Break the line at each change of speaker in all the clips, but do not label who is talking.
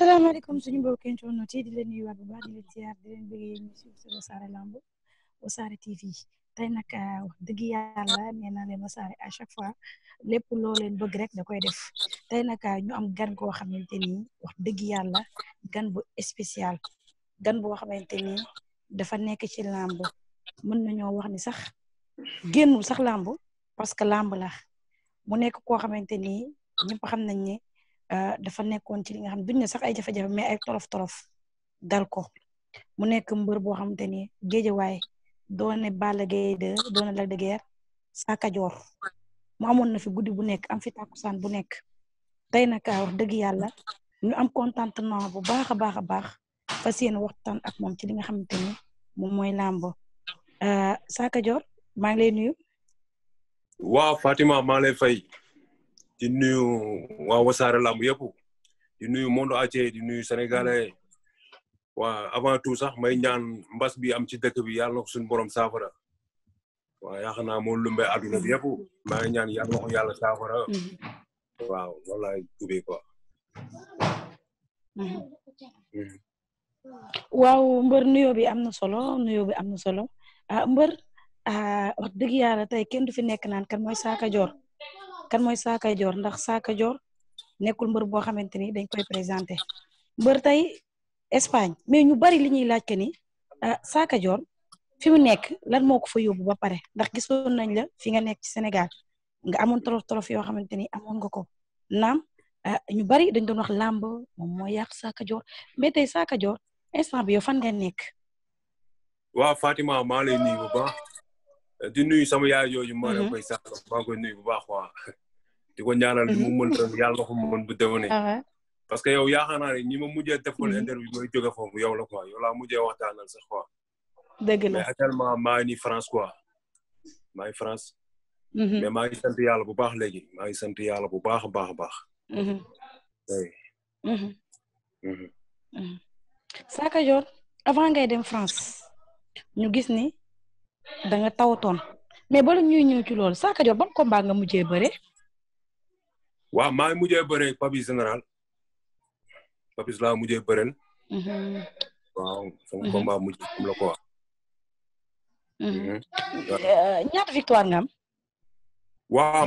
asalaamaaleykum suñu mbokki internet yi di leen nuyuwaat bu baax di leen ziar di leen bëggee ñu si Wassare Lamb Wassare TV tey nag ah, wax dëgg yàlla nee naa leen Wassare à chaque fois lépp loo leen bëgg rek da koy def tey nag ah, ñu am gan goo xamante ni wax dëgg yàlla gan bu spécial gan boo xamante ni dafa nekk ci làmb mën nañoo wax ni sax génnul sax làmb parce que làmb la mu nekk koo xamante ni ñëpp xam nañ ne. Euh, dafa nekkoon ci li nga xam duñ ne sax ay jafe-jafe mais ay tolof tolof dal ko mu nekk mbër boo xamante ni géejawaay doone Balla Gaye de doone Lac de Guiers sa mu amoon na fi guddi bu nekk am fi tàkkusaan bu nekk tey nag ah, wax dëgg yàlla ñu am contentement bu baax a baax a baax fas yéene waxtaan ak moom ci li nga xamante ni moom mooy làmb euh, sa Kajoor maa ngi lay nuyu.
Fatima maa lay fay. di nuyu waa wasaare lamb yëpp di nuyu monde entier di nuyu sénégalais waa avant tout sax may ñaan mbas bi am ci dëkk bi yàlla na ko suñu borom saafara waaw yaakaar naa moom lumbe àdduna bi yëpp maa ngi ñaan yàlla na ko yàlla saafara. waaw wallaay tubé quoi.
mbër nuyoo bi am na solo nuyoo bi am na solo ah mbër ah, wax dëgg yàlla tey kenn du fi nekk naan kan mooy Saaka Joor. kan mooy Saaka ndax Saaka Joor nekkul mbër boo xamante ni dañ koy présenté mbar tey Espagne mais ñu bari li ñuy laaj que ni ah, Saaka fi mu nekk lan moo ko fa yóbbu ba pare ndax gisoon nañ la fi nga nekk ci Sénégal nga amoon tolof tolof yoo xamante ni amoon nga ko naam ah, ñu bari dañ doon wax làmb moom mooy yàq Saaka Joor mais tey instant bi yow fan nga nekk.
wa Fatima maa lay nuyu di nuyu sama yaay yooyu maa ngi koy sax maa ngi koy nuyu bu baax quoi. di ko ñaanal mu mhm. mën ren yàlla na ko mën bu déwénee. Ah parce que yow yaakaar naa ne ñi ma mujjee defoon mhm. interview mooy jóge foofu yow la quoi yow laa mujjee waxtaanal sax quoi. dëgg la mais actuellement maa ngi nii France quoi maa ngi France. Mhm. mais maa ngi sant yàlla bu baax léegi maa ngi sant yàlla bu baax a baax a baax.
Sa Cadior avant ngay dem France ñu gis ni. da nga tawtoon mais bala ñuy ñëw ba loolu Sa Cadior ban combat nga mujjee bëre.
waaw maa ngi mujjee bëre général Papis laa mujjee bëreel. Mm-hmm. waaw sama mm-hmm. combat mujjee am la ko wax. Mm-hmm.
Euh, ñaata victoire nga am.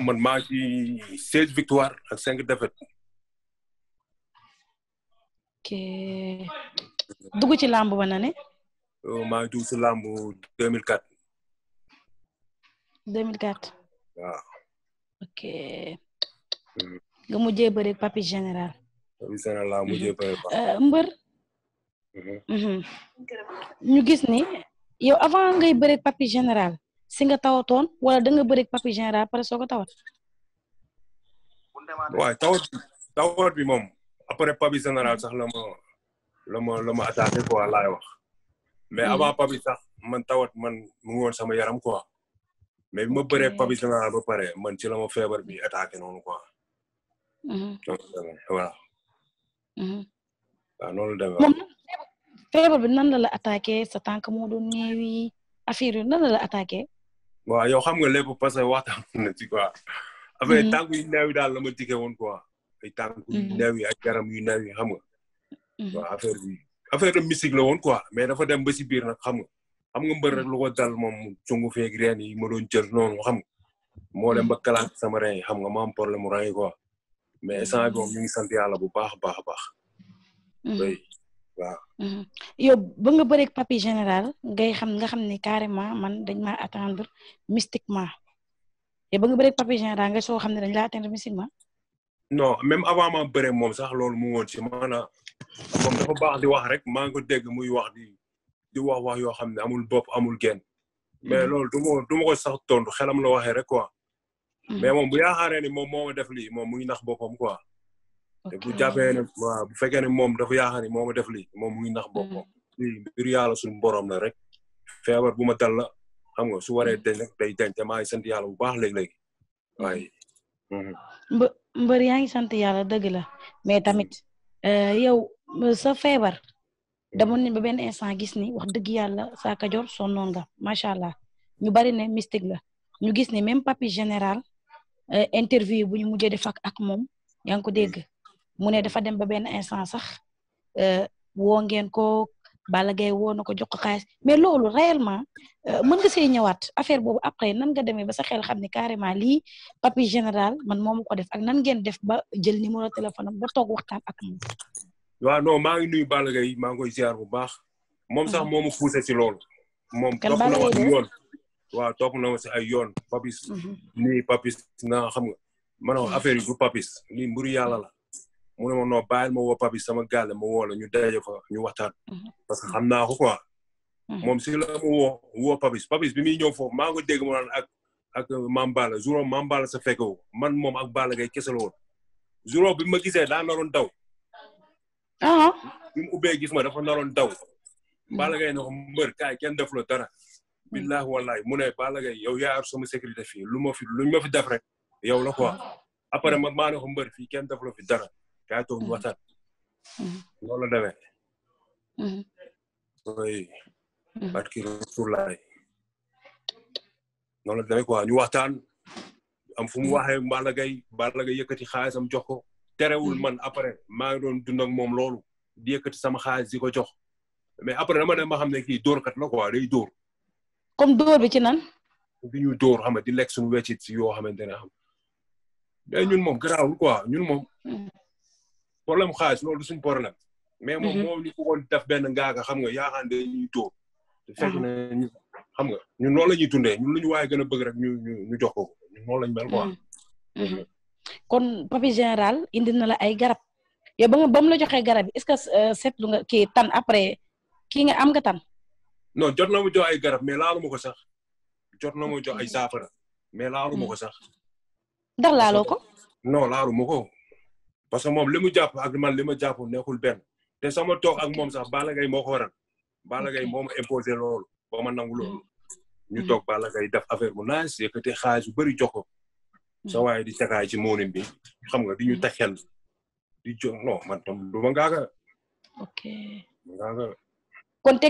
man maa ci seize victoire ak cinq défaites.
ok dugg ci làmb ba na ne.
Euh, maa ngi dugg
2004. waaw. Ah. ok. Mm. nga mujjee bëri papi général.
papi général laa
mujjee mhm. bëri euh, mhm. mhm. ñu gis ni
yow avant ngay bëri papi général si nga tawatoon wala da nga bëri papi général après soo ko tawat.
waaw
tawat bi moom après papi général sax la ma la ma la mais avant papi sax man tawat man mu ngi sama yaram quoi. mais bi ma bëree Papis Général ba pare man ci la feebar bi attaqué noonu quoi. Mhm. donc voilà. Mhm. waaw noonu
bi nan la la attaqué sa tànk moo doon nan la la attaqué.
waaw yow xam nga lépp parce que waxtaan na ci quoi. affaire mhm. tànk yu néew yi daal la ma dikkee woon quoi. ay yi ak yaram yu néew yi xam nga. affaire bi affaire de musique la woon quoi mais dafa dem ba si biir xam nga mbër rek lu ko dal moom mu feeg reen yi ma doon jël noonu xam nga ba kalaat sama reen yi xam nga ma am problème mu reen yi mais instant bi moom ñu ngi sant yàlla bu baax baax a baax.
Mm-hmm. waaw. Mm-hmm. yow ba nga bëreeg papi général ngay xam nga xam ne carrément man dañ maa attendre mystiquement yow ba nga bëreeg papi général nga soo xam ne dañ laa attendre mystiquement.
non même avant ma bëre moom sax loolu mu woon ci maanaam dafa baax di wax rek maa ngi dégg muy wax di. di wax wax yoo xam ne amul bopp amul genn
mm-hmm. mais loolu du
ma du ma ko sax tontu xelam la waxee rek quoi.
Mm-hmm. mais moom
bu yaakaaree ni moom moo ma def lii moom mu ngi nax boppam quoi. te bu jàppee ne bu fekkee ne moom dafa yaakaar ni moo ma def lii moom mu ngi nax
mm-hmm.
yàlla suñu borom la rek. feebar bu ma dal xam nga su waree deñ rek day deñ te sant yàlla bu baax léegi-léegi waaye.
mbër yaa ngi sant yàlla dëgg la mais tamit euh, yow sa feebar. demoon nañ ba benn instant gis ni wax dëgg yàlla saa kajoor sonnoon nga macha allah ñu bari ne mystique la ñu gis ne même papi général euh, interview bu ñu mujjee def ak ak moom yaa ngi ko dégg mu ne dafa dem ba benn instant sax euh, woo ngeen ko Balla Gaye woo na ko jox ko xaalis mais loolu réellement euh, mën nga see ñëwaat affaire boobu après nan nga demee ba sa xel xam ne carrément lii papi général man moomu ko def ak nan ngeen def ba jël numéro téléphone ba toog waxtaan ak moom.
waaw non maa ngi nuyu Balla Gaye maa ngi koy bu baax. moom sax ah. moo ma poussé si loolu. moom topp na ma si yoon. waaw na ma si ay yoon papis. Mhm. nii papis naa xam nga. ma ne ko affaire yi du papis lii mburu yàlla la. mu ne ma non bàyyil ma woo papis sama gàlle ma woo ñu daje fa ñu waxtaan. Mhm. parce que xam naa ko quoi. Mhm. moom si la mu woo papis papis bi muy ñëw foofu maa ngi ko ak ak euh, maam Balla juróom maam Balla sa man moom ak Balla Gaye kese la woon. bi ma gisee daa naroon daw. Uh-huh. bi mu ubbee gis ma dafa naroon daw. Balla Gaye ne ko mbër kaay kenn def dara. billahi wallahi mu ne Balla Gaye yow yaa ar sama sécurité fii lu ma fi luñ ma fi def rek yow la quoi après man maa ne ko mbër fii kenn def la fi dara kaay toog ñu uh-huh. waxtaan. Uh-huh. loolu la
demee.
mooy. barki Rasulaay. noonu la demee am fu mu waxee Balla Gaye Balla Gaye yëkkati xaalisam jox ko. terewul man après maa ngi doon dund ak moom loolu di yëkkati sama xaalis di ko jox mais après dama dem ma xam ne kii dóorkat la quoi day door
comme dóor bi ci nan.
bi ñuy dóor xam nga di lekk suñu weccit yoo xamante ne mais ñun moom garaawul quoi ñun moom. problème mu xaalis loolu suñ problème. mais mhm. moo ñu ko woon benn ngaaga xam nga yaakaar ne ñuy dóor. te mhm. na ñu xam nga ñun loolu la ñuy dundee ñun lu ñu waaye gën a bëgg rek ñu ñu ñu jox ko ñun loolu lañ
kon papi général indi na la ay garab yow ba nga ba mu garab yi est-ce que euh, seetlu nga kii tan après kii nga am nga tan
non jot na mu jox ay garab mais laalu ma ko sax jot na mu jox ay saafara mais laalu ma ko sax. ndax laaloo ko. non laalu ma ko parce que moom li mu jàpp ak man li ma jàpp nekkul benn te sama toog ak moom sax Balla Gaye moo ko waral Balla Gaye moo ma imposé loolu ba ma nangu loolu. Mm. ñu toog Balla Gaye def affaire bu naaj yëkkati xaalis yu bëri jox ko sa hmm. waaye di takaay ci moonim bi xam nga di ñu hmm. taxel di jo non man tam du ma ngaaga
ok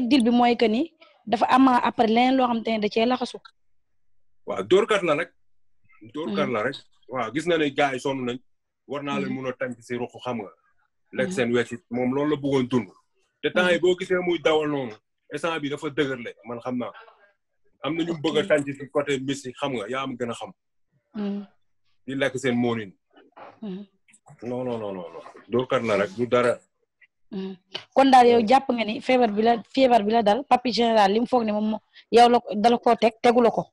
dil bi mooy que ni dafa am après leen loo xam te ne da cee laxasu
waaw dóorkat la rek hmm. dóorkat la rek waaw gis na ne gars yi sonn nañ war na leen mun a tànk si ruq xam nga lekk seen wecci moom loolu la bëggoon dund te temps yi boo gisee muy dawal noonu instant bi dafa dëgër le man xam naa am na ñu bëgg a tànk si côté mystique xam nga yaa am gën a xam di lakk seen moonin hmm. non non non non dóorkat rek du dara
hmm.
kon daal yow jàpp nga ni feebar bi la feebar bi la dal papi général li foog ne moom yow la dala koo teg tegula ko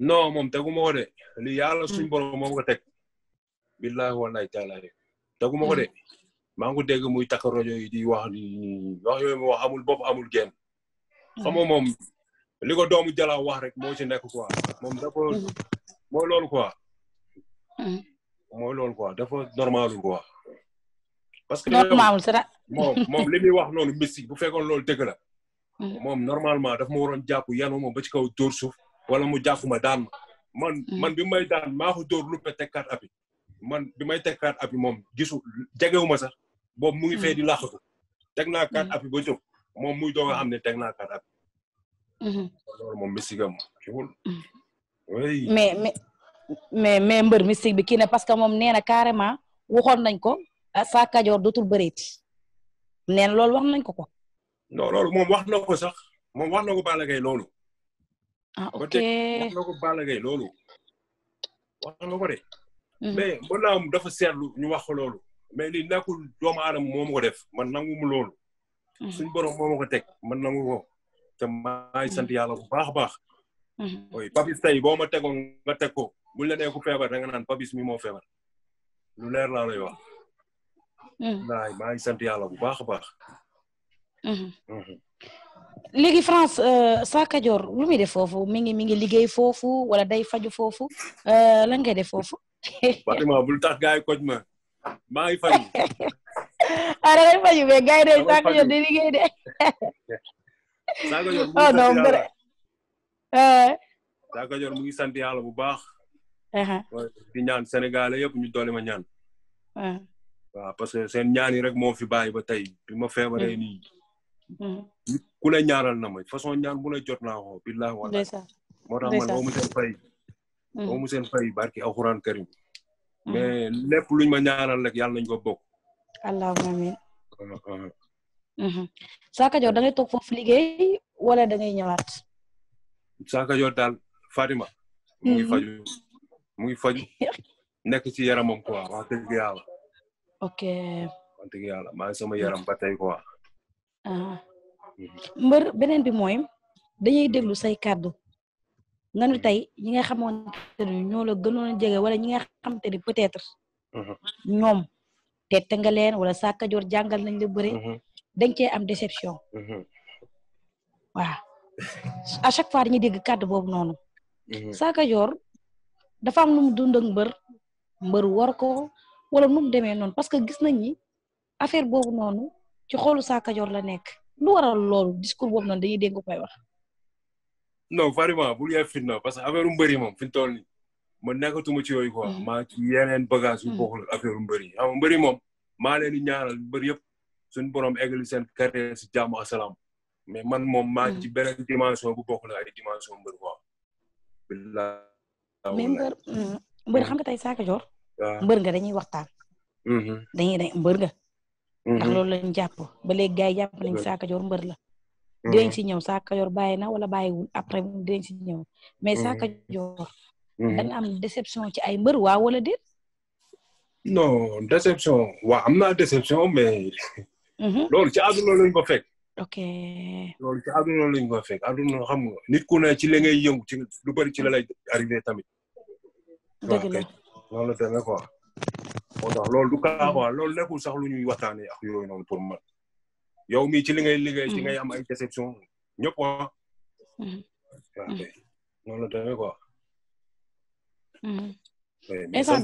non moom teguma ko de li yàlla suñ hmm. borom moom ko teg billahi wallahi taala teguma ko de maa ngi ko dégg muy takk rajo yi di wax amul bopp amul genn xam nga moom li ko doomu jalaaw wax rek moo ci nekk quoi moom dafa mooy loolu quoi Hmm. mooy loolu quoi dafa normalul quoi. parce que normalul c'est
moom moom
li muy wax noonu mystique bu fekkoon loolu dëgg la. Hmm. moom normalement daf ma waroon jàpp yanu ma ba ci kaw dóor suuf wala mu jàpp ma daan man hmm. man bi may daan maa ko lu luppe tekkaat abi man bi may teg kaat abi moom gisu jegewu ma sax boobu mu ngi fee di teg naa kaat abi ba jóg moom muy doog a xam ne teg naa kaat abi loolu moom mystique am
mais mais mbër mystique bi kii ne parce que moom nee na carrément waxoon nañ ko ah, saa kajoor dootul bëreeti nee na loolu wax nañ ko ko.
no loolu moom wax na ko sax moom wax na ko Balla Gaye loolu. ah ok wax na ko Balla loolu. wax na ko de. Mm-hmm. mais mën dafa seetlu ñu wax ko loolu. mais li nekkul doomu aadama moo ma ko def man nangu mu loolu. Mm-hmm. suñu borom moo ma ko teg man nangu ko. te maa ngi sant mm-hmm. yàlla baax baax. ooy Papis tey ma tegoon nga teg bul la nee ku feebar da nga naan Papis mi moo feebar lu leer laa lay wax. naay mm. maa ngi sant yàlla bu baax a baax. Mm-hmm. Mm-hmm.
léegi France euh, sa Kajoor lu muy def foofu mi ngi mi ngi liggéey foofu wala day faju foofu euh, lan ngay def foofu.
Fatima bul tax gars yi koj ma maa ngi faju.
ah da de sa Kajoor di liggéey de.
saa oh,
ah.
Kajoor mu ngi sant yàlla bu baax. di ñaan Sénégalais yëpp ñu doole ma ñaan. waaw parce que seen ñaan rek moo fi bàyyi ba tey bi ma feebaree nii. ku ne façon ñaan bu ne jot naa ko billahi wala moo tax man amu seen fay. amu seen fay barki alxuraan karim. mais lépp luñ ma ñaanal rek yàlla nañ ko bokk.
allahumma amiin.
Sa Kajoor da Fatima. mu ngi mu ngi faj nekk ci yaramam quoi wax dëgg yàlla. ok. wax dëgg yàlla maa ngi sama yaram ba tey ah.
mhm. beneen bi mooy dañuy déglu say kàddu nga ne mhm. tey ñi nga xamante ne ñoo la gënoon jege wala ñi nga xamante ni peut-être. Mhm. ñoom tette nga leen wala Sakka Dior jàngal nañ la bëre. dañ am déception. waaw à chaque fois dañuy dégg kàddu boobu noonu. Sakka Dior dafa am nu mu dund ak mbër mbër war ko wala nu mu demee noonu parce que gis nañ ni affaire boobu noonu ci xoolu Sa Kajoor la nekk lu waral loolu discours boobu noonu dañuy dégg koy wax.
non vraiment bul yaay fitna parce que affaire mbër yi moom fi mu toll nii man nekkatuma ci yooyu quoi. Mm-hmm. maa ci yeneen bagage yu mm-hmm. bokkul affaire mbër yi xam mbër moom maa leen di ñaanal mbër yëpp suñu borom eggali seen carrière jàmm asalaam mais man moom maa mm-hmm. ci beneen dimension bu bokkul ay dimension mbër quoi.
mais mbër mm, mbër xam nga tey Saka Dior. mbër
nga dañuy waxtaan.
Mm-hmm. dañuy
ne mbër nga. ndax mm-hmm. loolu lañ jàpp ba léegi gars yi jàpp nañ Saka Dior mbër la.
Mm-hmm. dinañ si
ñëw Saka Dior bàyyi na wala bàyyiwul après dinañ si ñëw mais Saka Dior. dana am déception ci ay mbër waaw wala déet.
non déception waaw am naa déception mais.
loolu ci
àdduna lañ ko fekk. ok. lool ci àdduna lañ koy fekk àdduna xam nga nit ku ne ci li ngay yëngu ci lu bari ci la lay tamit. dëgg la noonu la demee quoi. moo tax loolu du kaa quoi loolu nekkul sax lu ñuy waxtaanee ak yooyu noonu pour man yow mii ci li ngay liggéey ci ngay am ay déception ñëpp quoi. Mm-hmm. noonu la demee quoi.
Mm-hmm.
Eh, mais sant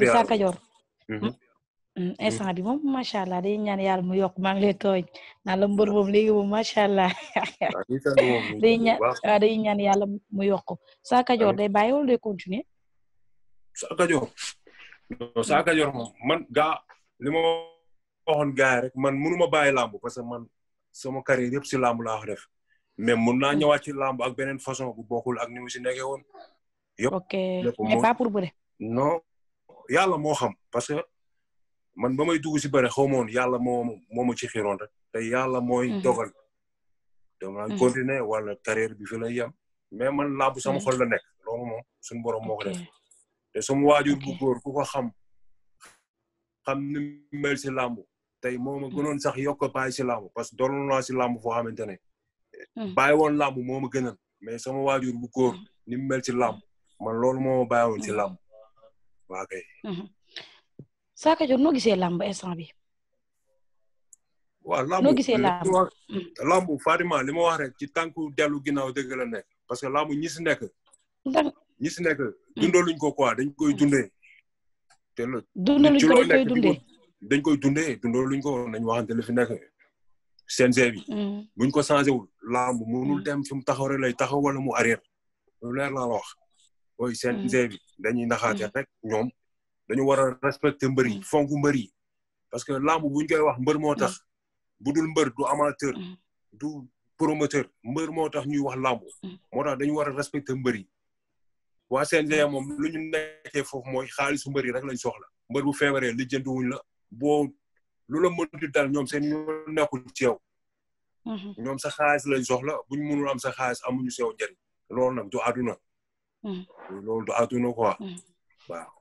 Mm, instant bi moom macha allah day ñaan yàlla mu yokk maa ngi lay tooñ naa la mbër moom léegi moom macha allah day ñaan waaw day ñaan yàlla mu yokk saa kajoor day bàyyi de day continuer
saa kajoor saa man gaa li ma waxoon gaa rek man mënuma bàyyi làmb parce que man sama carrière yëpp si làmb laa ko def mais mun naa mm. ñëwaat ci làmb ak beneen façon bu bokkul ak ni mu si nekkee woon. yëpp ok mais pas pour moo xam parce que. man ba may dugg si bëre xaw ma yàlla moo moo ma ci xiroon rek te yàlla mooy mhm. dogal dama mhm. continuer wala carrière bi fi lay yem mais man làmb sama mhm. xol la nekk loolu moom suñu borom moo ko def te sama waajur bu góor ku ko xam xam ni mel si làmb tey moo ma gënoon sax yokk bàyyi si làmb parce que doon naa si làmb foo xamante ne bàyyi woon làmb moo ma gënal mais sama waajur bu góor ni mel si làmb man loolu moo ma bàyyi woon si làmb
Saaka Joor noo gisee làmb instant bi.
waaw làmb mm. làmb Fatima li ma wax rek ci tànku dellu ginnaaw dëgg la nekk parce que làmb ñi si nekk. ñi si nekk mm. dundaluñ ko quoi dañ koy dundee. te lu ci loolu nekk dañ koy dundee dundaluñ ko nañ waxante li fi nekk. CNG bi. Mm. ko changé wul làmb mënul dem fi mu taxaw rek lay taxaw wala mu arrière. lu leer laa la wax. mooy CNG bi dañuy naxaate rek ñoom dañu war a respecter mbër yi mm. fonk mbër parce que lamb buñ koy wax mbër moo tax mm. bu dul mbër du amateur mm. du promoteur mbër moo tax ñuy wax lamb moo tax dañu war a respecter mbër yi waa CNG moom lu ñu nekkee foofu mooy xaalis mbër yi rek lañ soxla mbër bu feebaree lijjanti wuñ la bo lu la mënti dal ñoom seen ñu nekkul ci yow mm-hmm. ñoom sa xaalis lañ soxla buñ mënul am sa xaalis amuñu sew njëriñ loolu nag du àdduna loolu du àdduna quoi waaw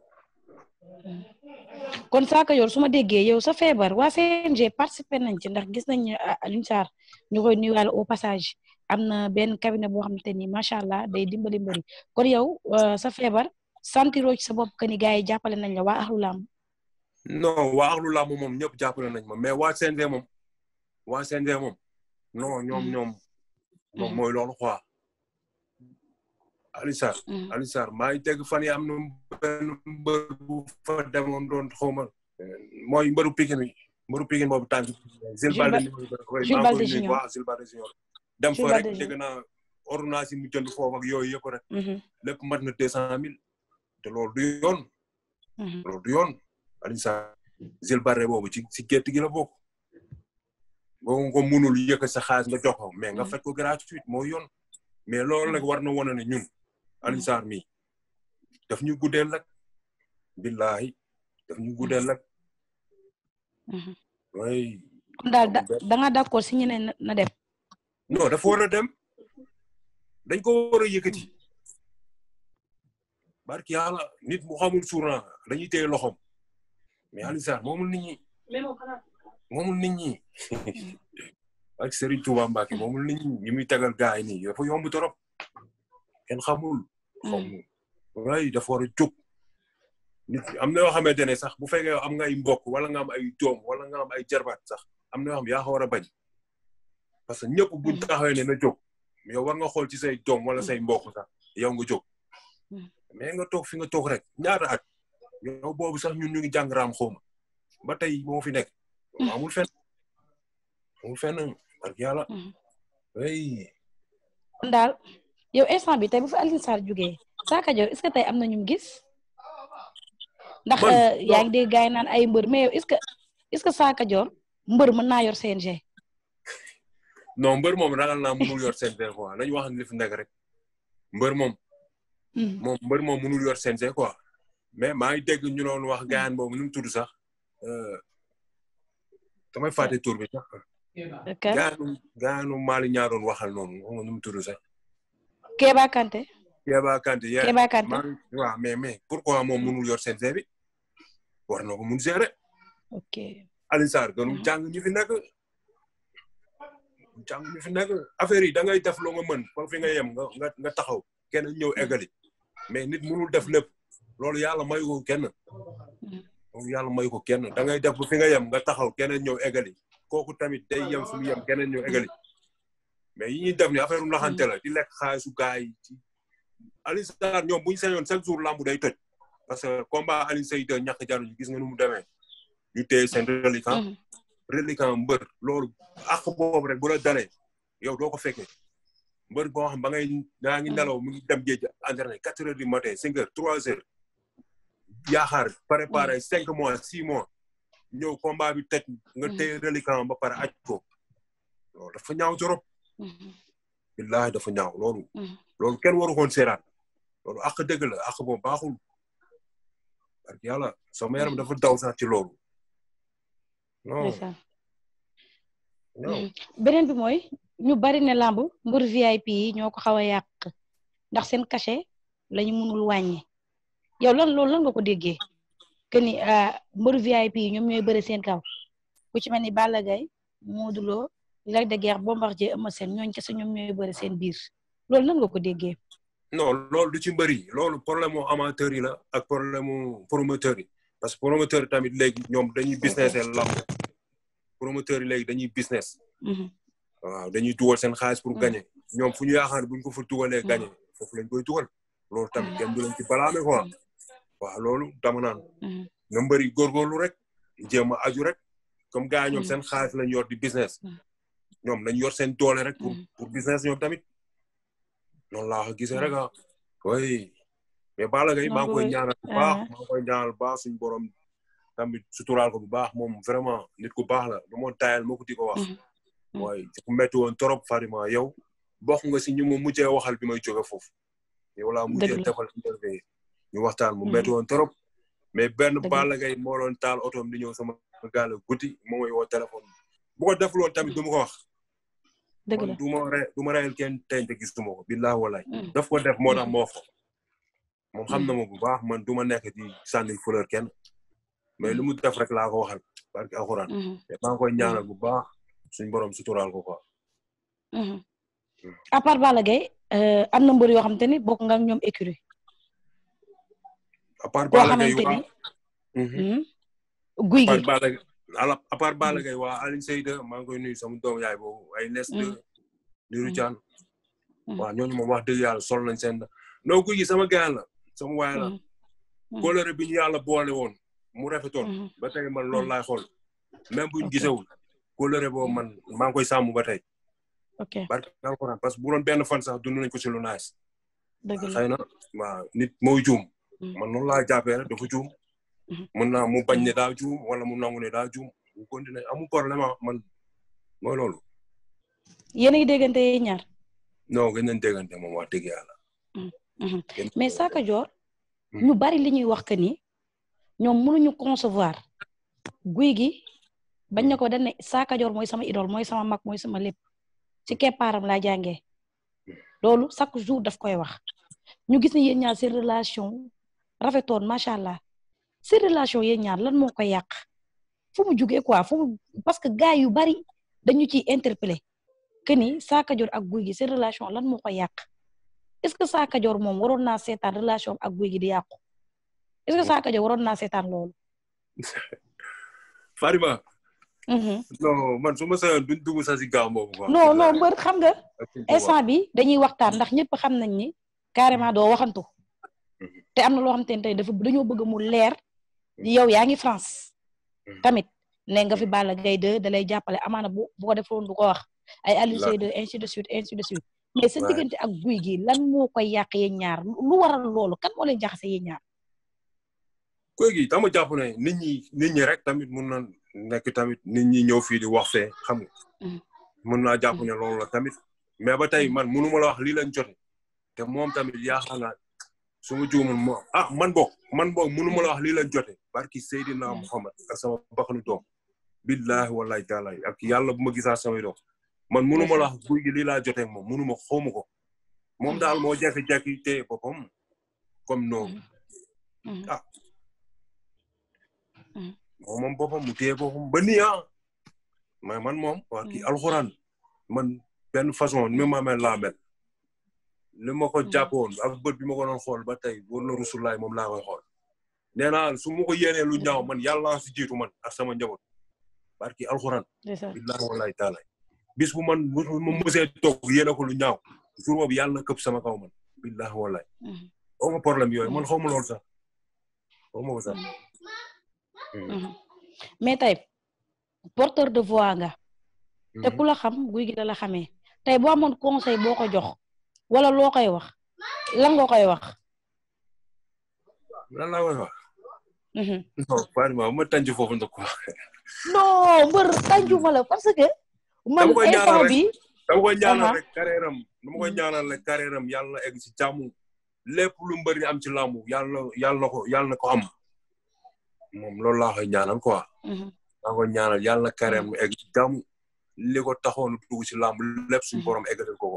kon saaka yor su ma déggee yow sa feebar waa CNG participé nañ ci ndax gis nañ a ah, Sarr ñu koy nuyuwaale au passage am na benn cabinet boo xamante ni macha allah day dimbali mbëri kon yow euh, sa feebar santiro ci sa bopp que ni yi jàppale nañ la wa axlu làmb
non waa axlu làmb moom ñëpp jàppale nañ ma mais waa CNG moom waa CNG moom non ñoom ñoom moom hmm. mooy loolu Alioune Sarr. Mm-hmm. Alioune maa ngi dégg fan yi am na benn mbër doon xaw ma mooy mbëru Pikine bi mbëru Pikine boobu tànn. Jules Balde Jules Balde Junior Jules ak yooyu yëpp rek. Mm-hmm. lépp na deux cent mille te lool du yoon. loolu du yoon mm-hmm. Alioune Sarr Jules Balde boobu ci ci gerte gi la bokk. boo nga ko munul yëkk sa xaalis nga jox ko mais nga fekk ko gratuite moo yoon mais loolu nag war na wane ne ñun Alioune Sarr mii daf ñu guddeel nag billaahi daf ñu guddeel nag mooy mhm.
kon
da nga d'accord si ñu ne na dem
non dafa war a dem dañ ko war a yëkkati barki yàlla nit mu xamul suuraan dañuy téye loxom mais Alioune Sarr moomul nit ñi moomul nit ñi ak Serigne Touba Mbacke tagal gaay nii yomb torop kenn xamul xaw mm. ma walaay dafa a jóg nit am na yoo xamante ne sax bu fekkee am nga ay mbok wala nga am ay doom wala nga am ay jarbaat sax am na yoo xam yaa ko war a bañ parce que ñëpp buñ mm. taxawee ne na jóg yow war nga xool ci say doom wala say mbokk sax yow nga jóg mm. nga toog fi nga toog rek ñaata at yow boobu sax ñun ñu ngi jàng raam xawma ba tey moo fi nekk amul fenn amul fenn barki yàlla
daal yow instant bi tey bu fi Alioune Sarr jugee Sa Cadior est que tey am na ñu gis. ndax euh, yaa ngi dégg naan ay mbër mais yow est que est que Sa Cadior mbër mën naa yor CNG.
non mbër moom ragal naa mënul yor CNG quoi nañu wax li fi nekk rek mbër moom. Hmm. moom mbër moom mënul yor CNG quoi. mais maa ngi dégg ñu doon wax gaayan boobu nu tudd sax. Euh, damay fàtte tur bi sax. ok gaayaanu gaayaanu Mali ñaa doon waxal noonu nu tudd sax.
Kéba Kanté.
Kéba Kanté yaa Kéba Kanté waaw mais mais pourquoi moom mënul yor CNG bi war na ko mun gérer. ok Alioune Sarr gënu mhm. jàng ñu fi nekk. jàng affaire yi da ngay def loo nga mën foofu fi nga yem nga nga taxaw kenn ñëw mhm. eggali mais nit mënul def lépp loolu yàlla may ko kenn.
Mhm.
loolu yàlla may ko kenn da ngay def fi nga yem nga taxaw kenn ñëw eggali kooku tamit day yem fu mu yem kenn ñëw eggali. mais yi ñuy def ni affaire naxante mm. la di lekk xaalisu gars yi ci Alioune Sarr ñoom bu ñu sañoon chaque jour lambu day toj parce que combat Alioune Seye de ñàkk jaru gis nga nu mu demee ñu téye seen reliquant mm. reliquant mbër loolu ak boobu rek bu la dalee yow doo ko fekkee mbër boo xam ba ngay naa ngi mm. nelaw mu ngi dem géej entraîné quatre heures du matin cinq trois heures yaakaar préparé cinq mois six mois ñëw combat bi toj nga téye reliquant ba pare aj ko dafa ñaaw trop Mm-hmm. billaahi dafa ñaaw loolu. Mm-hmm. loolu kenn waru koon loolu àq dëgg la àq boobu baaxul. parce que yàlla sama yaram mm-hmm. dafa daw sax ci loolu.
beneen bi mooy ñu bari ne làmb mbër VIP yi ñoo ko xaw a yàq ndax seen cachet lañu mënul wàññi yow lan loolu lan nga ko déggee que ni euh, mbër VIP yi ñoom ñooy bëri seen kaw ku ci ni Balla Gaye Modou Lo Lac de Guiers Bombardier Eumeu Sène ñooñ kese ñoom ñooy bëri seen biir loolu nan nga ko déggee.
non lool du ci mbëri loolu problème mu amateur yi la ak problème mu promoteur yi parce que promoteur yi tamit léegi ñoom dañuy business la promoteur yi léegi dañuy business. Mhm. waaw dañuy dugal seen xaalis pour mhm. gagner ñoom fu ñu yaakaar buñ ko fa dugalee mhm. gagner foofu lañ koy dugal loolu tamit kenn du leen ci balaame quoi waaw loolu dama naan. nga mbëri góorgóorlu rek jéem a aju rek comme gars ñoom seen xaalis lañ yor di business. ñoom nañ yor seen doole rek. pour mm. pour business ñoom tamit. noonu laa ko gisee rek mm. ah. oui mais Balla Gaye maa ngi koy bu baax maa ngi borom tamit suturaal ko bu baax moom vraiment nit ku baax la lu ma tayal moo ko di ko wax. mooy ku métti trop farima yow. boku nga si ñu mu mujjee waxal bi may jóge foofu. yow laa mujjee defal interview ñu waxtaan mu métti mm. woon trop. mais benn Balla Gaye moo taal otoom di ñëw sama gaale guddi moo may woo téléphone bu ko defuloon tamit du ma ko wax. dëgg la du ma te gisuma ko billaah mm. daf ko def moo tax mm. moo xam na mm. ma bu baax man du ma nekk di sànni fleur kenn mais lu mu def rek laa ko waxal barki alxuraan. mais mm-hmm. maa koy ñaanal bu baax suñ borom suturaal ko quoi.
Mm-hmm. part Balla Gaye euh, am na mbër yoo xamante ni bokk nga ak ñoom écurie.
à part Balla Gaye
mm-hmm. guy gi
ala à part Balla mm. Gaye waa Alioune Seye de maa ngi koy nuyu sama doom yaay boobu ay les de mm. Lirou Diane mm. waaw ñooñu moom wax dëgg yàlla sol nañ seen ndaw guy sama gaan la sama waay la kóllëre bi ñu yàlla boole woon mu rafetoon ba man loolu laay xool
même buñ gisewul
kóllëre bo man maa ngi koy sàmm ba tey ok barke alxuraan parce que bu doon benn fan sax dund nañ ko si lu
xëy na
waaw nit mooy juum man noonu laa jàppee rek dafa juum
Mm-hmm. mun naa mu bañ
ne daa juum wala mu nangu ne daa juum mu continué amul problème ah, mooy loolu.
yéen a ngi déggante ñaar.
non gën nañ déggante moom wax
mm-hmm. mais Saka Dior. Mm-hmm. ñu bari li ñuy wax que ni ñoom mënuñu concevoir guy gi bañ na ko dañ ne Saka Dior mooy sama idole mooy sama mag mooy sama lépp ci keppaaram laa jàngee loolu chaque jour daf koy wax ñu gis ni yéen ñaar seen relation rafetoon macha allah seen relation yéen ñaar lan moo ko yàq fu mu jugee quoi fu parce que gars yu bari dañu ci interpellé que ni Sakka ak guy gi seen relation lan moo ko yàq est-ce que Sakka Dior moom waroon naa seetaan relation ak Gouye gi di yàqu est-ce que Sakka Dior waroon naa seetaan loolu.
Farima. Mhm. non man su ma sañoon duñ dugg sa si xam nga. instant
bi dañuy waxtaan ndax ñëpp xam nañ ni carrément doo waxantu. Mhm. te am na loo xam te dafa dañoo bëgg mu leer. yow yaa ngi France. Mm. tamit ne nga fi mm. Balla Gaye de da lay jàppale amaana bu bu ko defoon du ko wax. ay Alioune Seye de suite ainsi de suite. mais sa diggante ak guy gi lan moo koy yàq yéen ñaar lu waral loolu kan moo leen jaxase yéen ñaar.
guy gi dama jàpp ne nit ñi nit ñi rek tamit mun na nekk tamit nit ñi ñëw fii di wax fee xam nga. Mm. mun naa jàpp ne tamit. mais ba tey man munu ma la wax lii lañ jote te moom tamit yaakaar su ma juumul ma ah man bokk man bokk mënu ma la wax lii la jote barki Seydina mm. Muhammad ak sama baxalu doom billaahi wallahi taalaay ak yàlla bu ma gisaa samay doom man mënu ma la wax guy gi lii laa joteeg moom mënu ma xawma ko moom daal moo jekki-jekki téye boppam comme noonu mm. Mm. ah moom moom boppam mu téye boppam ah. man moom wax ki alxuraan man benn façon ni ma mel li ma ko hmm. jàppoon ak bët bi ma ko doon xool ba tey war na rusulaay moom laa koy xool nee naa su ma ko lu ñaw man yàlla naa si jiitu man ak sama njaboot barki alxuraan billaahi wallaahi taala bis bu man ma mësee toog yéene ko lu ñaaw jour boobu yàlla na këpp sama kaw man billaahi wallaahi xaw hmm. ma problème yooyu man hmm. xaw ma sax
mais tey porteur de voix nga te ku la xam guy gi la la xamee tey boo amoon conseil boo ko jox wala loo wax lan wax. lan laa koy mhm. foofu nag quoi. non mbër tàncu ma parce que.
man instant bi dama koy ñaanal rek
carrière am dama koy mhm. ñaanal rek carrière egg si jàmm lépp lu mbëri am ci làmb yàlla yàlla na ko ko am moom loolu laa koy ñaanal quoi. daa mhm. koy egg si jàmm li ko taxoon dugg ci làmb lépp suñu borom eggalil ko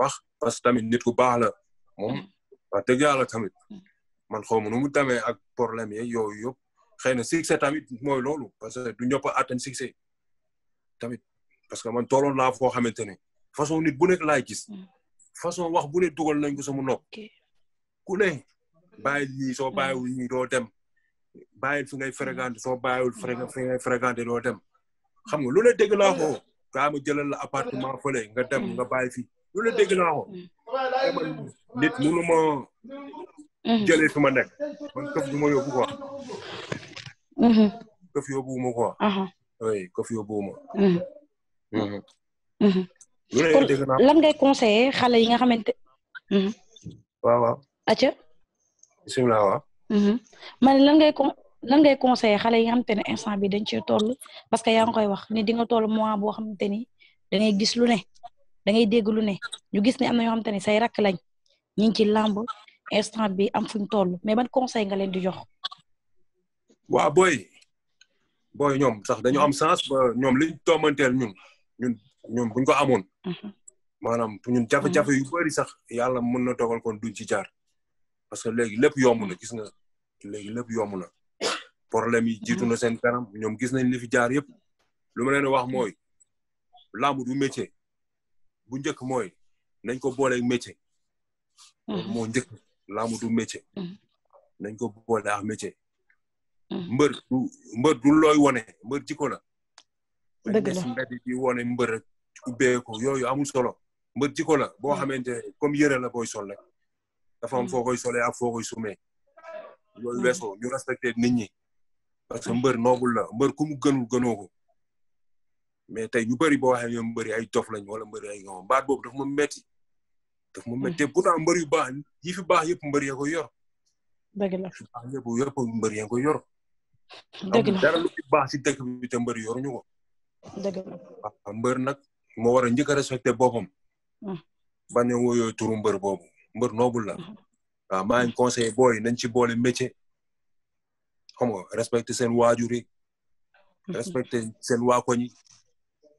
wax parce que tamit nit ku baax la moom mm. wax dëgg yàlla tamit mm. man xaw ma nu mu demee ak problème yi yooyu yëpp xëy na succès tamit mooy loolu parce que du ñëpp a atteindre succès tamit parce que man tooloon naa foo xamante ne façon nit bu nekk laay gis mm. façon wax bu ne dugal nañ ko sama nopp ku ne bàyyi ñii soo bàyyiwul ñii doo dem bàyyil fi ngay fréquenté soo bàyyiwul fi ngay fréquenté doo dem xam nga lu ne dégg naa ko jëlal la appartement nga dem nga bàyyi fi lu la dégg naa ko
hmm.
nit mënu ma hmm. jëlee fi ma nekk man këf du ma yóbbu quoi hmm. këf yóbbuwuma quoi oui këf yóbbuwuma lu ne dégg lan ngay
conseiller xale yi nga xamante waaw waaw acca bisimilah waaw man lan ngay con conseiller xale yi nga xamante ne instant bi dañ ci toll parce que yaa ngi koy wax ne di nga toll mois boo xamante ni da ngay gis lu ne da ngay dégg lu ne ñu gis ne am na ñoo xamante ne say rakk lañ ñu ngi ci làmb instant bi am fuñ toll mais ban conseil nga leen di jox.
waa booy booy ñoom sax dañu am sens ñoom liñ tombanteel ñun ñun ñoom buñ ko amoon. Mhm. maanaam ñun jafe-jafe yu bëri sax yàlla mën na dogal kon duñ ci jaar parce que léegi lépp yomb na gis nga léegi lépp yomb na problème yi jiitu na seen kanam ñoom gis nañ li fi jaar yëpp lu ma leen wax mooy làmb du métier. bu njëkk mooy nañ ko booleeg métier. Mhm. moo njëkk laamu du métier. Mhm. nañ ko boole ak métier. Mhm. mbër du mbër looy wone mbër jikko la.
dëgg la mbedd
di mbër ubbeeku yooyu amul solo. mbër jikko la boo xamante comme yëre la booy sol dafa am foo koy solee ak foo koy sumee. loolu ñu respecté nit ñi. parce que mbër noobul la mbër ku mu gënul gënoo ko. mais tey ñu bëri boo waxee ñoom mbëri ay dof lañ wala mbëri ay ngomam baat boobu daf ma metti daf ma metti mm-hmm. pourtant mbër yu baax yi fi baax yëpp mbër yaa ko yor. dëgg la fi ko yor. dëgg la dara lu ci baax si dëkk bi te mbër yoruñu ko. dëgg la mbër nag moo war a njëkk a respecté boppam. Mm. bañ a turu mbër boobu mbër noobul la. Mm-hmm. waaw maa ngi conseillé booy nañ ci boole métier xam nga respecté seen waajur yi. Mm-hmm. seen waa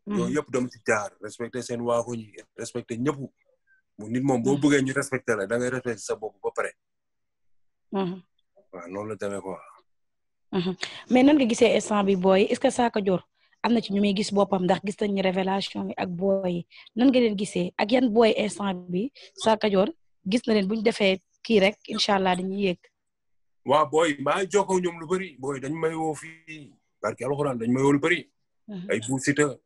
yooyu mm-hmm. yëpp dama ci jaar respecté seen waaxuñ yi respecté ñëpp mu nit moom boo mm-hmm. bëggee ñu respecté la da ngay sa bopp ba pare mm-hmm. waaw noonu la demee quoi
mais nan nga gisee instant bi booy est-ce que Saka joor am na ci ñu muy gis boppam ndax gis nañu révélation bi ak booy nan nga leen gisee ak yan booy instant bi Saka Dior gis na leen bu ñu defee kii rek incha allah dañuy yéeg
waaw booy maa ngi jokkoo ñoom lu bari booy dañ may fi fii barke alxuraan dañ may lu bëri ay buusita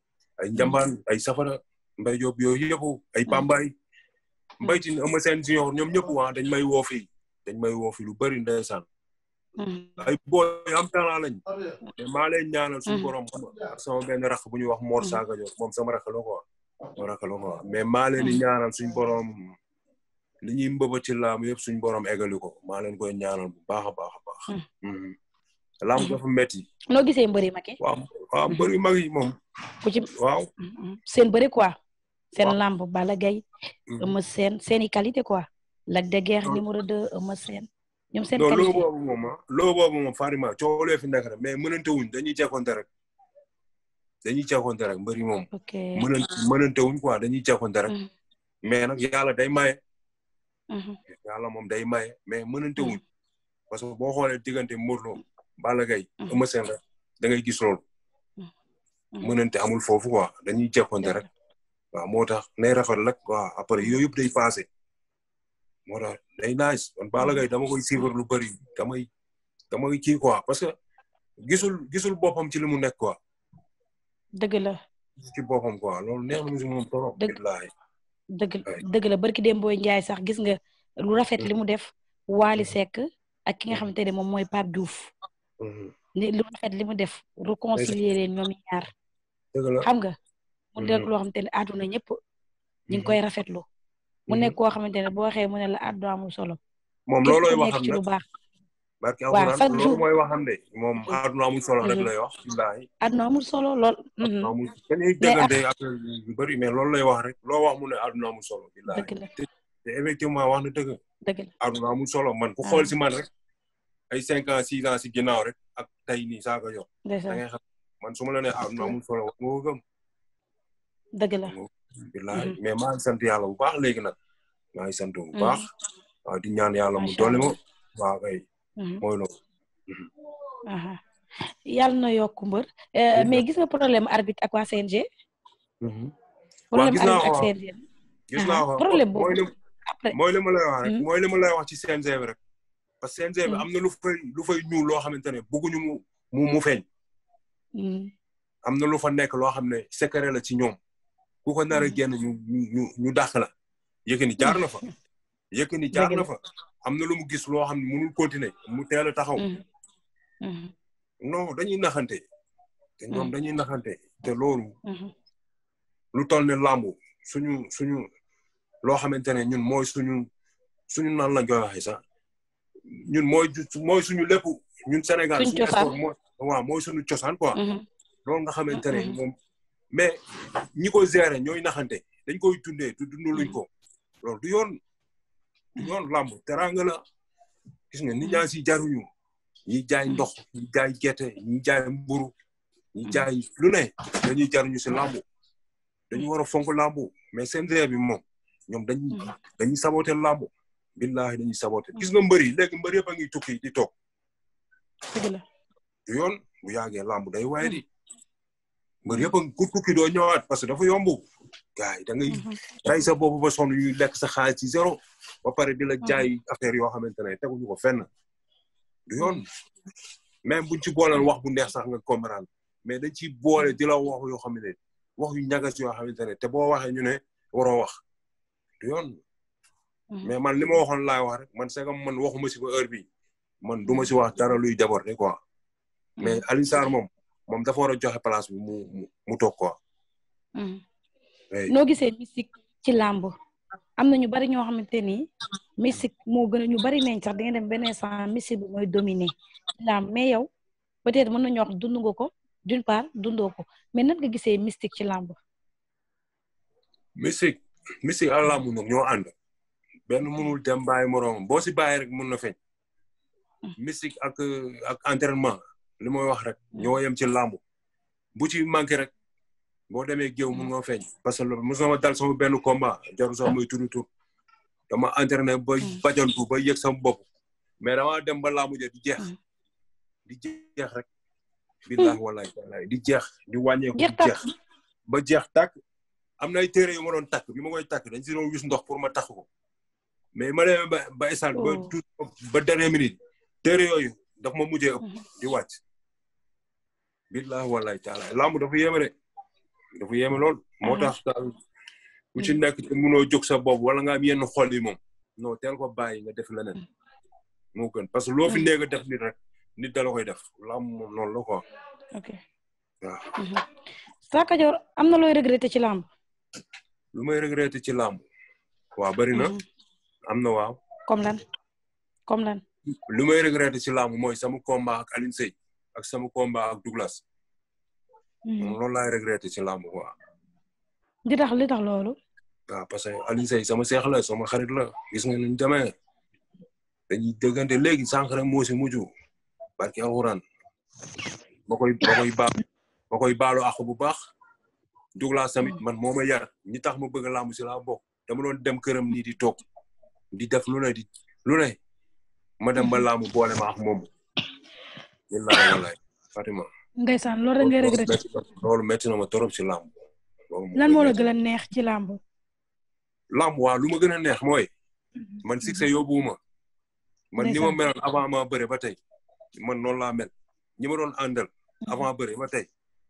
ay mm. njambaan ay safara mbay joob yooyu yëpp ay mm. pambay pambaay mm. mbaytin ama seen junior ñoom ñëpp wa ah, dañ may woo fii dañ may woo fii lu bëri ndeysaan ay booy am talent lañ mais maa suñu borom xam nga sama benn rakk bu ñuy wax Mor Saga Diop moom sama rakk la ko wax sama rakk la ko wax mais maa leen di ñaanal suñu borom li ñuy mbëba ci laam yëpp suñu borom eggali ko maa leen koy ñaanal bu baax a baax a baax laam dafa waaw mhm. mbër yu mag yi moom. ku ci waaw.
seen bëri quoi. seen lamb Balla gay mhm. Eumeu Sène seen i qualité quoi. Lac de Guiers numéro 2 Eumeu Sène. ñoom seen qualité non
ah, loolu boobu moom Farima coow fi nekk rek mais mënante wuñ dañuy jekkonte rek. dañuy jekkonte rek mbër yi moom.
ok mënante
mënante wuñ quoi dañuy jekkonte rek. Mhm. mais nag yàlla day maye. yàlla moom day maye mais mënante wuñ. parce que boo xoolee diggante Modou Lo Balla Gaye Eumeu da ngay gis Hmm. mënante amul foofu quoi dañuy jàppante rek. waaw moo tax nay rafet nag waaw après yooyu yëpp day passé moo tax day naaj kon Balla Gaye dama koy suivre lu bëri damay damay kii quoi parce que gisul gisul boppam ci li mu nekk quoi. dëgg la. ci boppam quoi loolu neex na dëgg
dëgg dëgg la barki Dembo Ndiaye sax gis nga lu rafet hmm. li mu def Waly hmm. Seck ak ki nga xamante ne moom mooy Pape Diouf. lu rafet li def réconcilier leen
xam nga mu mm-hmm. nekk loo
xamante ne àdduna ñëpp ñu ngi mm-hmm. koy rafetlu mu mm-hmm. nekk koo xamante ne boo waxee mu ne la àdduna amul solo moom loolooy waxam ci baax
barke alxuraan loolu mooy waxam de moom àdduna amul solo rek lay wax billahi
àdduna amul solo lool amul
dañuy déggante affaire yu bëri mais loolu lay wax rek loo wax mu ne àdduna amul solo billahi te effectivement wax na dëgg àdduna amul solo man ku ah. xool si man rek ay cinq ans six ans si ginnaaw rek ak tey nii saaka yor man su ma la nee àdduna amul solo wax nga la. bilaay mais maa sant yàlla bu baax léegi nag. maa ngi sant bu baax. waaw di ñaan mu doole ma. waaw kay.
mooy na yokk mbër. mais gis nga problème arbitre ak waa CNG.
waaw gis naa ko gis naa ko wax rek hmm? mooy
li ma lay wax ci CNG bi hmm. ne bëgguñu mu mu feeñ. Mm. am na lu fa nekk loo xam ne secret la ci ñoom ku nar a mm. génn ñu ñu ñu dàq la Yékini jaar na fa Yékini jaar na fa am na lu mu gis loo xam ne mënul continuer mu teel a taxaw
mm.
non dañuy naxante te ñoom dañuy naxante te loolu mm-hmm. lu toll ne làmb suñu suñu loo xamante ne ñun mooy suñu suñu naan la koy waxee sax ñun mooy mooy suñu lépp ñun Sénégal suñu sport waaw mooy suñu cosaan quoi. Mhm. loolu nga xamante ne mhm. moom. mais ñi ko gérer ñooy naxante dañ koy dundee du dundaluñ ko mhm. loolu du yoon. du yoon làmb teraanga la gis nga nit si jaruñu ñi jaay ndox ñi jaay gerte ñi jaay mburu ñi lu ne dañuy jaruñu si làmb dañu war a fonk làmb mais seen bi moom ñoom dañuy dañuy saboté làmb billahi dañuy saboté gis nga mbër yi léegi mbër yëpp a ngi tukki di toog du yoon bu yàggee làmb day waaye di hmm. mbër yëpp a kut kukki doo ñëwaat parce que dafa yomb gars yi da ngay rey hmm. sa boobu ba sonn yuy lekk sa xaalis ci zéro ba pare di la hmm. jaay affaire yoo xamante ne teguñu ko fenn du yoon même buñ ci booleel wax bu neex sax nga comprendre mais dañ ci boole di la wax xam ne wax yu ñagas yoo xamante ne te boo waxee ñu ne waroo wax yoon
mais man li ma waxoon
laay wax rek man c'est que man waxuma si a heure bi man duma si wax dara luy déborder quoi mais mm. Alioune Sarr moom moom dafa war a joxe place bi mu mu toog quoi.
Mm. noo gisee mystique ci làmb am na ñu bari ñoo xamante ni mystique moo gën a ñu bari nañ sax da nga dem benn instant mystique bi mooy dominer làmb mais yow peut-être mën nañu wax dund nga ko d'une part dundoo ko mais nan nga gisee mystique ci làmb.
mystique mystique ak làmb nag ñoo ànd benn mënul dem bàyyi moroom boo si bàyyi rek mën na feeñ. Mm. mystique ak ak entraînement li mooy wax rek hmm. ñoo yem ci làmb bu ci manqué rek boo demee géew mun hmm. nga feeñ parce que loolu mosoo ma dal sama benn combat jarul sax muy tudd tur dama entraîné ba hmm. bajantu ba yëg sama bopp mais dama dem ba làmb ja di jeex di jeex rek billahi wallahi wallahi di jeex di wàññeeku jeex ba jeex tàkk am nay ay téere yu ma doon takk bi ma koy takk dañ si doon wis ndox pour ma takk ko mais ma demee ba ba esal ba oh. tout ba dernière minute téere yooyu daf ma mujjee ëpp di wàcc billahi wallahi taala lamb dafa yéeme de dafa lool. moo tax daal ku ci nekk te mënoo jóg sa bopp wala nga am yenn xol yi moom non teel ko bàyyi nga def leneen. Mm. moo gën parce que loo fi mm. nekk def nit rek nit da koy def lamb moom noonu la quoi.
ok mm-hmm. am na looy regretter ci lamb.
lu may regretter ci lamb. waaw bari na. Mm-hmm. am na waaw.
comme lan comme lan.
lu may regretter ci lamb mooy sama combat ak Alioune ak sama combat ak Douglas. Mhm. loolu laay regretté ci làmb quoi.
li tax li tax loolu.
waaw ah, parce que Alioune Seye sama seex la sama xarit la gis nga nuñ demee dañuy déggante léegi sànq rek moo si mujj barki alxuraan ma koy ma koy baal ma koy baalu àq bu baax Douglas tamit man moo ma yar ñi tax ma bëgg làmb si laa bokk dama doon dem këram nii di toog di def lu ne di lu ne ma dem ba làmb boole ma ak moom billaay wallaay Fatima.
ndeysaan loolu rek
ngay ma torop ci làmb. lan
moo la gën neex ci làmb.
làmb waa lu ma gën a neex mooy. Mhm. man succès yóbbuwuma.
man ni ma
avant ma bëre ba tey man noonu laa mel ñi ma doon àndal. Mhm. avant bëre ba tey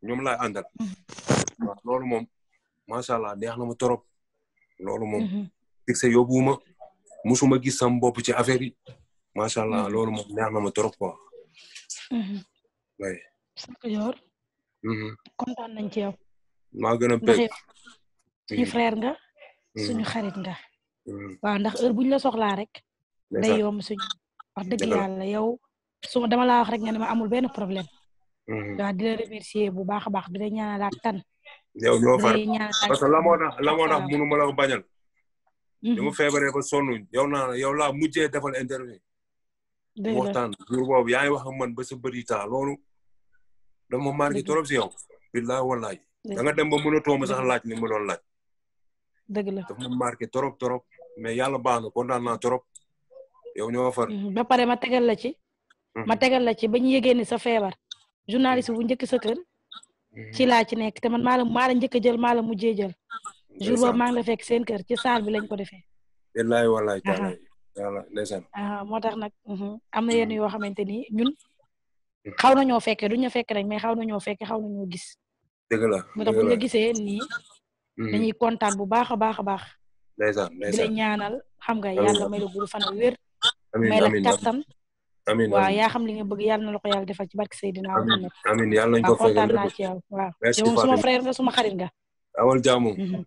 ñoom laay àndal. Mhm. waaw loolu moom macha allah neex na ma torop. loolu moom. succès yóbbuwuma musuma gis sam bopp ci affaire yi. macha loolu moom neex na ma torop Mm-hmm. oui. Sakho mm-hmm.
kontaan nañ ci yow. maa gën a bëgg suñu mm-hmm. frère nga. suñu xarit nga. waaw ndax heure buñ la soxlaa rek. day yomb suñu wax dëgg yàlla yow suma dama laa wax rek nga ne ma amul benn problème. waaw di la remercier bu baax a baax di la ñaanalaat tan.
yow ñoo far parce que
la ma la bañal. ni mu feebaree ba sonn yow naa yow laa mujjee defal interview. dëgg waxtaan jour boobu yaa ngi wax ak man ba sa bëri temps loolu. dama marqué trop si yow. billaay wallaay.
da nga dem ba mënatoo ma sax laaj
li ma doon laaj. dëgg la daf ma trop trop. mais yàlla baax na kontaan naa trop. yow ñoo far. Mhm.
ba pare ma tegal la ci. Mhm. ma tegal la ci ba yëgee ni sa feebar. journaliste mhm. bu njëkk sa kër. ci laa ci nekk te man maa la maa jël maa la mujjee jël. jour boobu maa ngi la fekk seen kër ci saal bi lañ ko defee.
billaay wallaay
Ah, moo tax nag mhm. am na yenn mm. yoo xamante ni ñun mm. xaw nañoo fekke duñu fekk nañ mais xaw nañoo fekke xaw nañoo gis
dëgg la moo tax buñ la
gisee nii mm. dañuy kontaan bu baax a baax a baax
ndeysaan ndeysaan di la
ñaanal xam nga yàlla may la gudd fan ak wér may la kattan
amiin waaw yaa xam
li nga bëgg na la ko yàlla defal ci barke Seydina Muhammad
amiin yàlla nañ ko kontaan naa ci
yow waaw yow suma frère nga suma xarit nga
awal mhm.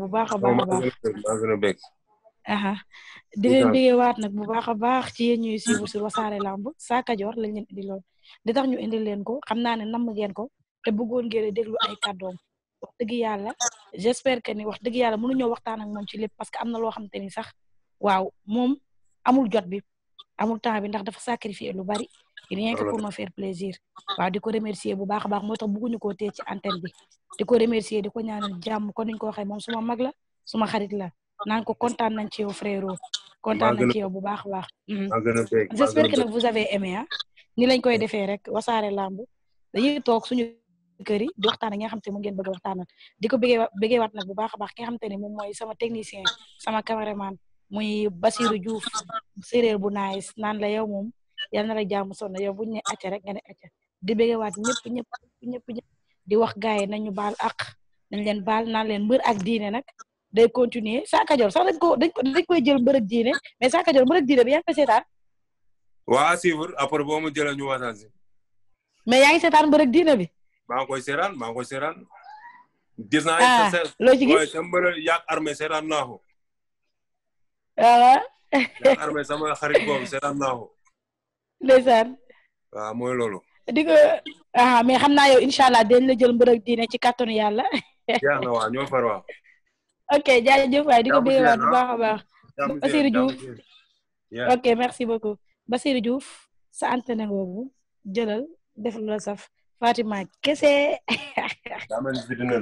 bu baax a baax a baax a
aha di leen bëggee waat nag bu baax a baax ci yéen ñuy suivre sur Wassare Lamb Sa Cadior lañ leen indi loon di tax ñu indil leen ko xam naa ne namm ngeen ko te bëggoon ngeen a déglu ay kàddoom wax dëgg yàlla j'espère que ni wax dëgg yàlla mënuñoo waxtaan ak moom ci lépp parce que am na loo xamante ni sax waaw moom amul jot bi amul temps bi ndax dafa sacrifier lu bari rien que pour me faire plaisir waaw di ko remercier bu baax a baax moo tax bëgguñu koo téye ci antenne bi di ko remercier di ko ñaanal jàmm kon niñ ko waxee moom suma mag la suma xarit la naan ko kontaan nañ ci yow frère kontaan nañ yow bu baax a baax.
Mhm. j'espère que nag vous
avez aimé ah. ni lañ koy defee rek wasaare làmb dañuy toog suñu kër yi di waxtaan ak nga xam te mu ngeen bëgg a waxtaanal di ko bëggee bëggee waat bu baax a baax ki nga xam te ne moom mooy sama technicien sama cameraman muy Basirou Diouf séeréer bu nice naan la yow moom yal na la jàmm sonn yow buñ ne acca rek nga ne acca di bëggee waat ñëpp ñëpp ñëpp di wax gars yi nañu baal ak nañ leen baal naan leen mbër ak diine nag de continuer saa kajoor sax dañ ko koy jël mbërëg diine mais saa kajoor mbërëg diine bi yaa koy seetaan.
waa suivre après boo ma jëlee ñu waxtaan si.
mais yaa ngi seetaan mbërëg diine bi.
maa koy seetaan maa koy seetaan. gis naa ah loo ci gis ah. mooy sama mbërëg yàq armée seetaan loolu.
di ko ah, mais xam naa yow incha allah dañ la jël mbërëg diine ci kàttanu yàlla. yaa
ngi waaw ñoo far
ok jaajëf waay di ko béyewaat bu baax a baax. Basirou Diouf ok merci beaucoup Basirou Diouf sa antenne boobu
jëlal def lu la saf Fatima kese.